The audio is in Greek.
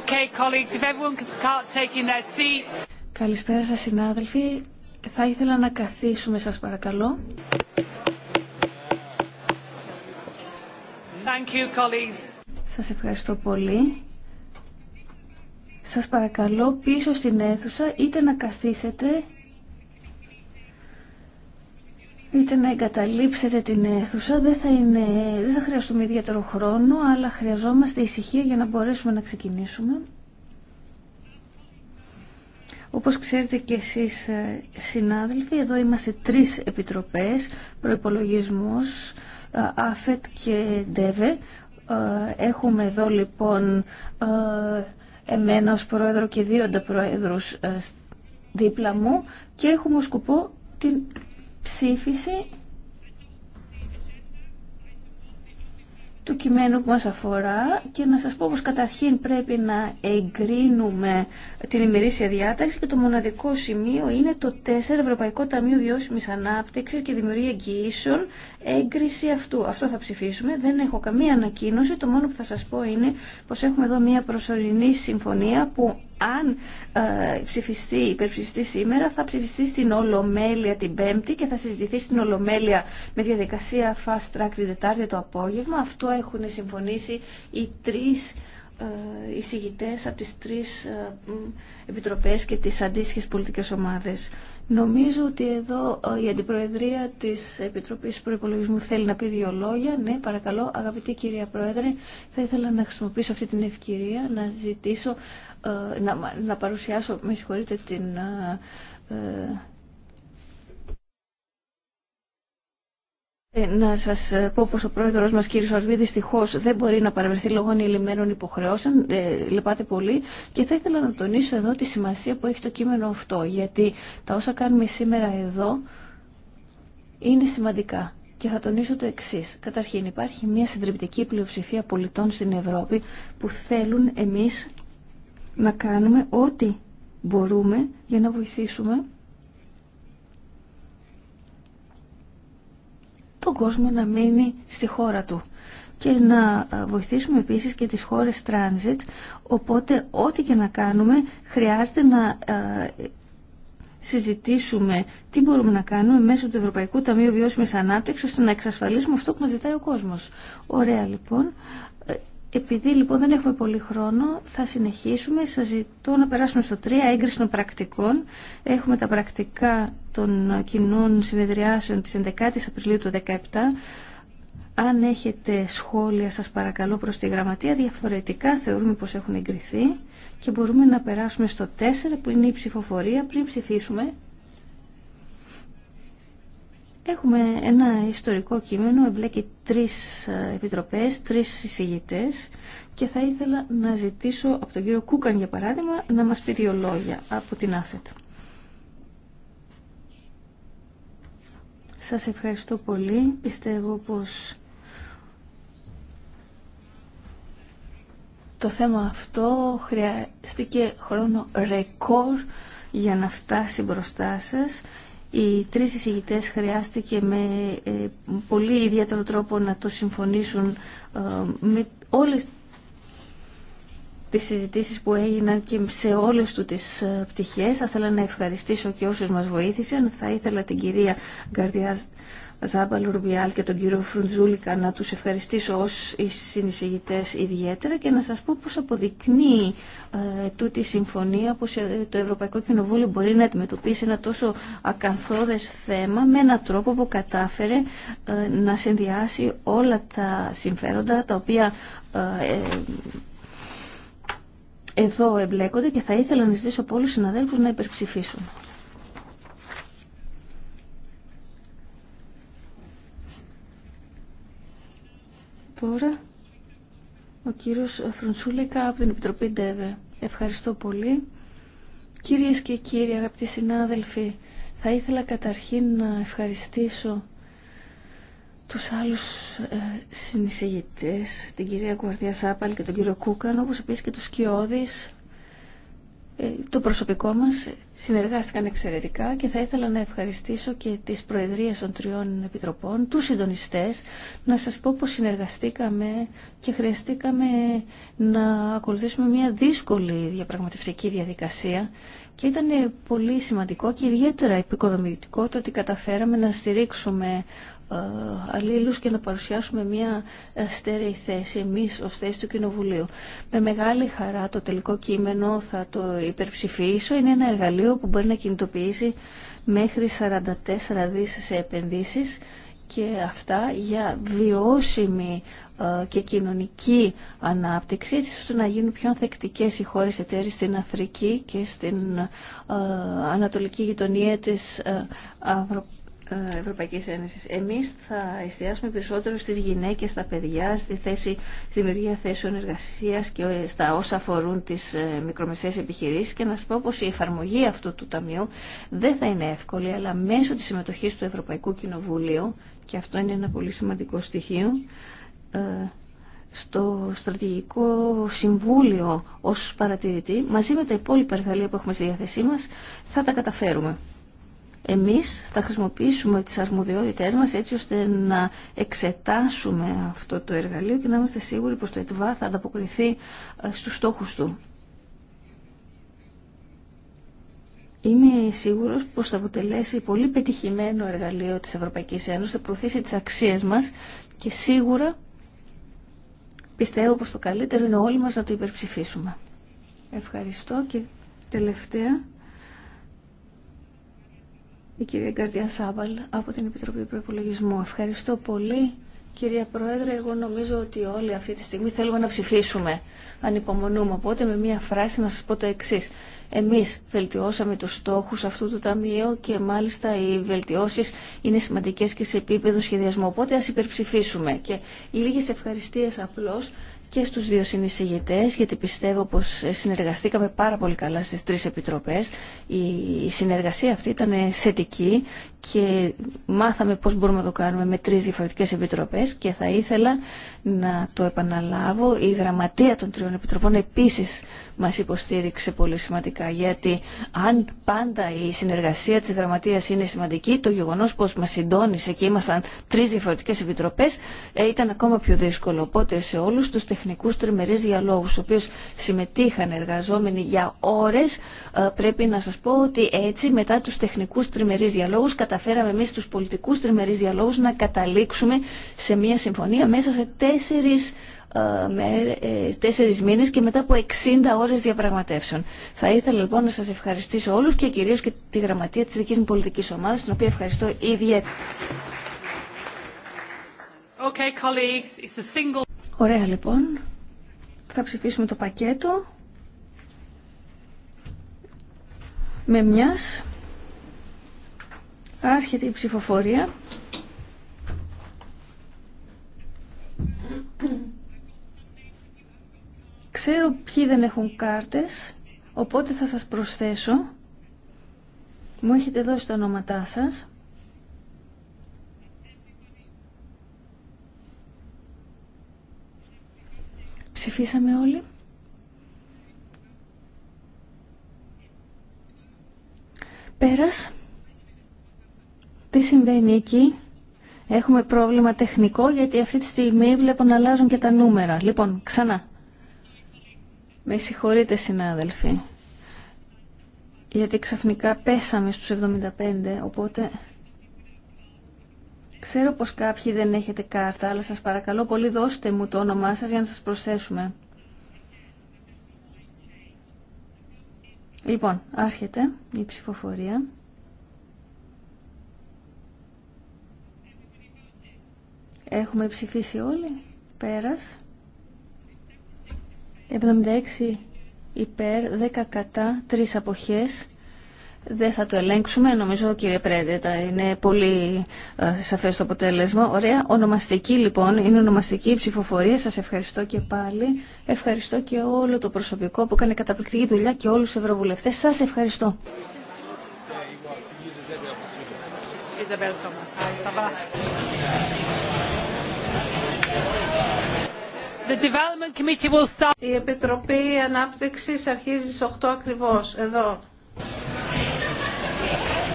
Okay, colleagues, if everyone could start taking their seats. Καλησπέρα σας συνάδελφοι. Θα ήθελα να καθίσουμε σας παρακαλώ. Thank you, colleagues. Σας ευχαριστώ πολύ. Σας παρακαλώ πίσω στην αίθουσα είτε να καθίσετε είτε να εγκαταλείψετε την αίθουσα. Δεν θα, είναι, δεν θα χρειαστούμε ιδιαίτερο χρόνο, αλλά χρειαζόμαστε ησυχία για να μπορέσουμε να ξεκινήσουμε. Όπως ξέρετε και εσείς ε, συνάδελφοι, εδώ είμαστε τρεις επιτροπές, προϋπολογισμός, ε, ΑΦΕΤ και ΔΕΒΕ. Ε, έχουμε εδώ λοιπόν εμένα ως πρόεδρο και δύο ανταπρόεδρους δίπλα μου και έχουμε σκοπό την ψήφιση του κειμένου που μας αφορά και να σας πω πως καταρχήν πρέπει να εγκρίνουμε την ημερήσια διάταξη και το μοναδικό σημείο είναι το 4 Ευρωπαϊκό Ταμείο Βιώσιμης Ανάπτυξης και Δημιουργία Εγγυήσεων έγκριση αυτού. Αυτό θα ψηφίσουμε. Δεν έχω καμία ανακοίνωση. Το μόνο που θα σας πω είναι πως έχουμε εδώ μια προσωρινή συμφωνία που αν ε, ψηφιστεί, υπερψηφιστεί σήμερα, θα ψηφιστεί στην Ολομέλεια την Πέμπτη και θα συζητηθεί στην Ολομέλεια με διαδικασία fast track την Δετάρτη το απόγευμα. Αυτό έχουν συμφωνήσει οι τρεις ε, εισηγητές από τις τρεις ε, επιτροπές και τις αντίστοιχες πολιτικές ομάδες. Νομίζω ότι εδώ ε, η Αντιπροεδρία της Επιτροπής Προϋπολογισμού θέλει να πει δύο λόγια. Ναι, παρακαλώ, αγαπητή κυρία Πρόεδρε, θα ήθελα να χρησιμοποιήσω αυτή την ευκαιρία να ζητήσω, ε, να, να παρουσιάσω, με συγχωρείτε, την ε, Ε, να σα ε, πω πω ο πρόεδρο μα, κύριο Σορβί, δυστυχώ δεν μπορεί να παρευρεθεί λόγω ανηλυμένων υποχρεώσεων. Ε, λυπάται πολύ. Και θα ήθελα να τονίσω εδώ τη σημασία που έχει το κείμενο αυτό. Γιατί τα όσα κάνουμε σήμερα εδώ είναι σημαντικά. Και θα τονίσω το εξή. Καταρχήν, υπάρχει μια συντριπτική πλειοψηφία πολιτών στην Ευρώπη που θέλουν εμεί να κάνουμε ό,τι μπορούμε για να βοηθήσουμε τον κόσμο να μείνει στη χώρα του και να ε, βοηθήσουμε επίσης και τις χώρες transit, οπότε ό,τι και να κάνουμε χρειάζεται να ε, συζητήσουμε τι μπορούμε να κάνουμε μέσω του Ευρωπαϊκού Ταμείου Βιώσιμης Ανάπτυξης ώστε να εξασφαλίσουμε αυτό που μας ζητάει ο κόσμος. Ωραία λοιπόν. Ε, επειδή λοιπόν δεν έχουμε πολύ χρόνο, θα συνεχίσουμε. Σας ζητώ να περάσουμε στο 3, έγκριση των πρακτικών. Έχουμε τα πρακτικά των κοινών συνεδριάσεων τη 11 η Απριλίου του 2017. Αν έχετε σχόλια σας παρακαλώ προς τη γραμματεία, διαφορετικά θεωρούμε πως έχουν εγκριθεί και μπορούμε να περάσουμε στο 4 που είναι η ψηφοφορία πριν ψηφίσουμε Έχουμε ένα ιστορικό κείμενο, εμπλέκει τρεις ε, επιτροπές, τρεις συζητητές και θα ήθελα να ζητήσω από τον κύριο Κούκαν, για παράδειγμα, να μας πει δύο λόγια από την ΑΦΕΤ. Σας ευχαριστώ πολύ. Πιστεύω πως το θέμα αυτό χρειαστήκε χρόνο ρεκόρ για να φτάσει μπροστά σας. Οι τρεις εισηγητές χρειάστηκε με ε, πολύ ιδιαίτερο τρόπο να το συμφωνήσουν ε, με όλες τις συζητήσεις που έγιναν και σε όλες του τις ε, πτυχές. Θα ήθελα να ευχαριστήσω και όσους μας βοήθησαν. Θα ήθελα την κυρία Γκαρδιάς... Ζάμπα Λουρμπιάλ και τον κύριο Φρουντζούλικα να τους ευχαριστήσω ως συνεισηγητές ιδιαίτερα και να σας πω πώς αποδεικνύει ε, τούτη η συμφωνία πως ε, το Ευρωπαϊκό Κοινοβούλιο μπορεί να αντιμετωπίσει ένα τόσο ακαθόδες θέμα με έναν τρόπο που κατάφερε ε, να συνδυάσει όλα τα συμφέροντα τα οποία ε, εδώ εμπλέκονται και θα ήθελα να ζητήσω από όλους τους συναδέλφους να υπερψηφίσουν. τώρα ο κύριος Φρουντσούλικα από την Επιτροπή Ευχαριστώ πολύ. Κυρίες και κύριοι, αγαπητοί συνάδελφοι, θα ήθελα καταρχήν να ευχαριστήσω τους άλλους ε, συνεισηγητές, την κυρία Κουαρδία Σάπαλ και τον κύριο Κούκαν, όπως επίσης και τους Κιώδης, ε, το προσωπικό μας συνεργάστηκαν εξαιρετικά και θα ήθελα να ευχαριστήσω και τις Προεδρίες των Τριών Επιτροπών, τους συντονιστές, να σας πω πως συνεργαστήκαμε και χρειαστήκαμε να ακολουθήσουμε μια δύσκολη διαπραγματευτική διαδικασία και ήταν πολύ σημαντικό και ιδιαίτερα επικοδομητικό το ότι καταφέραμε να στηρίξουμε ε, αλλήλους και να παρουσιάσουμε μια στέρεη θέση εμείς ως θέση του Κοινοβουλίου. Με μεγάλη χαρά το τελικό κείμενο θα το υπερψηφίσω. Είναι ένα εργαλείο που μπορεί να κινητοποιήσει μέχρι 44 δις σε επενδύσεις και αυτά για βιώσιμη ε, και κοινωνική ανάπτυξη έτσι ώστε να γίνουν πιο ανθεκτικές οι χώρες εταίρες στην Αφρική και στην ε, Ανατολική γειτονία της Αυρωπαϊκής ε, Ευρωπαϊκή Ένωση. Εμεί θα εστιάσουμε περισσότερο στι γυναίκε, στα παιδιά, στη, θέση, στη δημιουργία θέσεων εργασία και ε, στα όσα αφορούν τι ε, μικρομεσαίε επιχειρήσει και να σα πω πω η εφαρμογή αυτού του Ταμείου δεν θα είναι εύκολη, αλλά μέσω τη συμμετοχή του Ευρωπαϊκού Κοινοβουλίου, και αυτό είναι ένα πολύ σημαντικό στοιχείο, στο Στρατηγικό Συμβούλιο ως παρατηρητή, μαζί με τα υπόλοιπα εργαλεία που έχουμε στη διάθεσή μας, θα τα καταφέρουμε. Εμείς θα χρησιμοποιήσουμε τις αρμοδιότητές μας έτσι ώστε να εξετάσουμε αυτό το εργαλείο και να είμαστε σίγουροι πως το ΕΤΒΑ θα ανταποκριθεί ε, στους στόχους του. Είμαι σίγουρος πως θα αποτελέσει πολύ πετυχημένο εργαλείο της Ευρωπαϊκής Ένωσης, θα προωθήσει τις αξίες μας και σίγουρα πιστεύω πως το καλύτερο είναι όλοι μας να το υπερψηφίσουμε. Ευχαριστώ και τελευταία η κυρία Γκαρδιά Σάβαλ από την Επιτροπή Προπολογισμού. Ευχαριστώ πολύ. Κυρία Πρόεδρε, εγώ νομίζω ότι όλοι αυτή τη στιγμή θέλουμε να ψηφίσουμε. Ανυπομονούμε. Οπότε με μία φράση να σας πω το εξή. Εμείς βελτιώσαμε τους στόχους αυτού του Ταμείου και μάλιστα οι βελτιώσεις είναι σημαντικές και σε επίπεδο σχεδιασμού. Οπότε ας υπερψηφίσουμε. Και λίγες ευχαριστίες απλώς και στους δύο συνεισηγητές γιατί πιστεύω πως συνεργαστήκαμε πάρα πολύ καλά στις τρεις επιτροπές. Η συνεργασία αυτή ήταν θετική και μάθαμε πώς μπορούμε να το κάνουμε με τρεις διαφορετικές επιτροπές και θα ήθελα να το επαναλάβω. Η γραμματεία των τριών επιτροπών επίσης μας υποστήριξε πολύ σημαντικά γιατί αν πάντα η συνεργασία της γραμματείας είναι σημαντική το γεγονός πως μας συντόνισε και ήμασταν τρεις διαφορετικές επιτροπές ε, ήταν ακόμα πιο δύσκολο. Οπότε σε όλους τους Τεχνικού τριμερεί διαλόγου, στου οποίου συμμετείχαν εργαζόμενοι για ώρε, ε, πρέπει να σα πω ότι έτσι μετά του τεχνικού τριμερεί διαλόγου, καταφέραμε εμεί του πολιτικού τριμερεί διαλόγου να καταλήξουμε σε μια συμφωνία μέσα σε τέσσερι ε, με ε, τέσσερις μήνες και μετά από 60 ώρες διαπραγματεύσεων. Θα ήθελα λοιπόν να σας ευχαριστήσω όλους και κυρίως και τη γραμματεία της δικής μου πολιτικής ομάδας, την οποία ευχαριστώ ιδιαίτερα. Ωραία λοιπόν. Θα ψηφίσουμε το πακέτο με μιας. Άρχεται η ψηφοφορία. Ξέρω ποιοι δεν έχουν κάρτες, οπότε θα σας προσθέσω. Μου έχετε δώσει τα ονόματά σας. Ψηφίσαμε όλοι. Πέρας. Τι συμβαίνει εκεί. Έχουμε πρόβλημα τεχνικό γιατί αυτή τη στιγμή βλέπω να αλλάζουν και τα νούμερα. Λοιπόν, ξανά. Με συγχωρείτε συνάδελφοι. Γιατί ξαφνικά πέσαμε στους 75, οπότε... Ξέρω πως κάποιοι δεν έχετε κάρτα, αλλά σας παρακαλώ πολύ δώστε μου το όνομά σας για να σας προσθέσουμε. Λοιπόν, άρχεται η ψηφοφορία. Έχουμε ψηφίσει όλοι. Πέρας. 76 υπέρ, 10 κατά, 3 αποχές. Δεν θα το ελέγξουμε, νομίζω κύριε Πρέντετα, είναι πολύ ε, σαφές το αποτέλεσμα. Ωραία, ονομαστική λοιπόν, είναι ονομαστική η ψηφοφορία, σας ευχαριστώ και πάλι. Ευχαριστώ και όλο το προσωπικό που κάνει καταπληκτική δουλειά και όλους τους ευρωβουλευτές. Σας ευχαριστώ. Η Επιτροπή Ανάπτυξης αρχίζει στις 8 ακριβώς, εδώ.